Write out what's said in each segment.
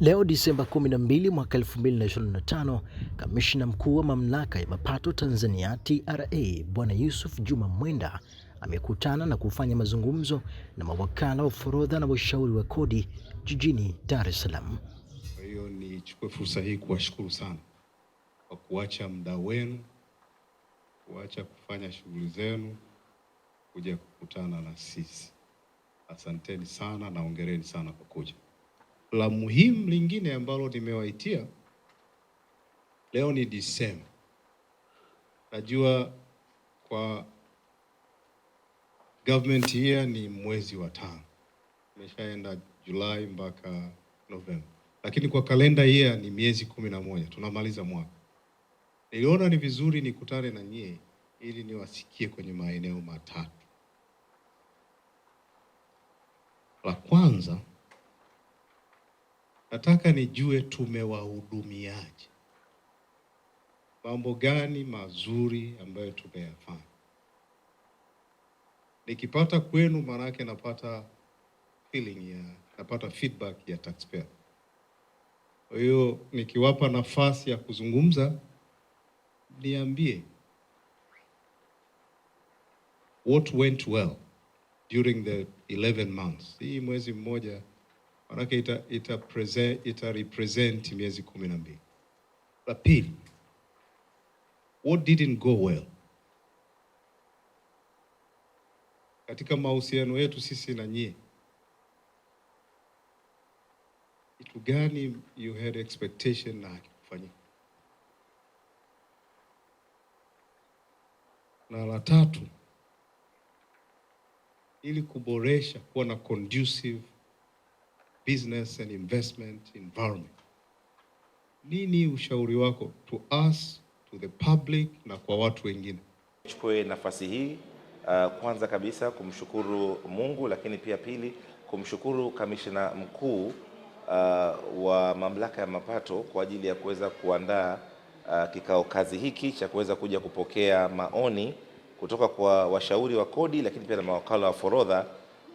Leo Disemba 12 mwaka 2025, kamishna mkuu wa mamlaka ya mapato Tanzania TRA Bwana Yusuf Juma Mwenda amekutana na kufanya mazungumzo na mawakala wa forodha na washauri wa kodi jijini Dar es Salaam. Kwa hiyo nichukue fursa hii kuwashukuru sana kwa kuacha muda wenu, kuacha kufanya shughuli zenu, kuja kukutana na sisi. Asanteni sana na ongereni sana kwa kuja la muhimu lingine ambalo nimewaitia leo ni Disemba. Najua kwa government here ni mwezi wa tano, imeshaenda Julai mpaka Novemba, lakini kwa kalenda year ni miezi kumi na moja, tunamaliza mwaka. Niliona ni vizuri nikutane na nyie ili niwasikie kwenye maeneo matatu. La kwanza Nataka nijue tumewahudumiaje, mambo gani mazuri ambayo tumeyafanya. Nikipata kwenu, maanake napata feeling ya, napata feedback ya taxpayer. Kwa hiyo nikiwapa nafasi ya kuzungumza, niambie what went well during the 11 months, hii mwezi mmoja manake ita, ita, present, ita represent miezi kumi na mbili. La pili, what didn't go well katika mahusiano yetu sisi na nyie, kitu gani you had expectation na hakikufanyika? Na la tatu, ili kuboresha kuwa na conducive business and investment environment. Nini ushauri wako to us, to the public na kwa watu wengine? Chukue nafasi hii uh, kwanza kabisa kumshukuru Mungu, lakini pia pili kumshukuru kamishina mkuu uh, wa mamlaka ya mapato kwa ajili ya kuweza kuandaa uh, kikao kazi hiki cha kuweza kuja kupokea maoni kutoka kwa washauri wa kodi, lakini pia na mawakala wa forodha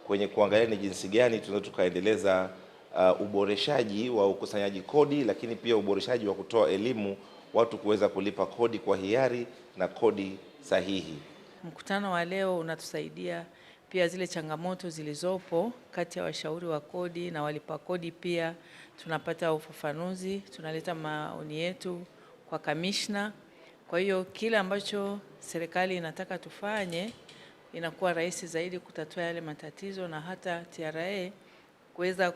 kwenye kuangalia ni jinsi gani tunaweza tukaendeleza uh, uboreshaji wa ukusanyaji kodi, lakini pia uboreshaji wa kutoa elimu watu kuweza kulipa kodi kwa hiari na kodi sahihi. Mkutano wa leo unatusaidia pia zile changamoto zilizopo kati ya washauri wa kodi na walipa kodi, pia tunapata ufafanuzi, tunaleta maoni yetu kwa kamishna. Kwa hiyo kile ambacho serikali inataka tufanye inakuwa rahisi zaidi kutatua yale matatizo, na hata TRA kuweza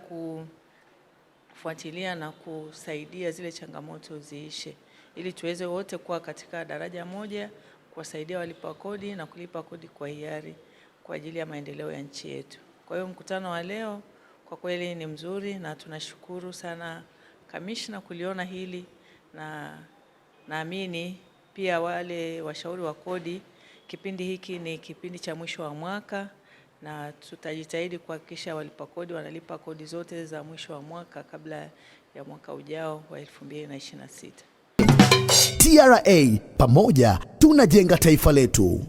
kufuatilia na kusaidia zile changamoto ziishe, ili tuweze wote kuwa katika daraja moja, kuwasaidia walipa kodi na kulipa kodi kwa hiari kwa ajili ya maendeleo ya nchi yetu. Kwa hiyo mkutano wa leo kwa kweli ni mzuri na tunashukuru sana kamishna kuliona hili na naamini pia wale washauri wa kodi, kipindi hiki ni kipindi cha mwisho wa mwaka na tutajitahidi kuhakikisha walipa kodi wanalipa kodi zote za mwisho wa mwaka kabla ya mwaka ujao wa 2026. TRA pamoja tunajenga taifa letu.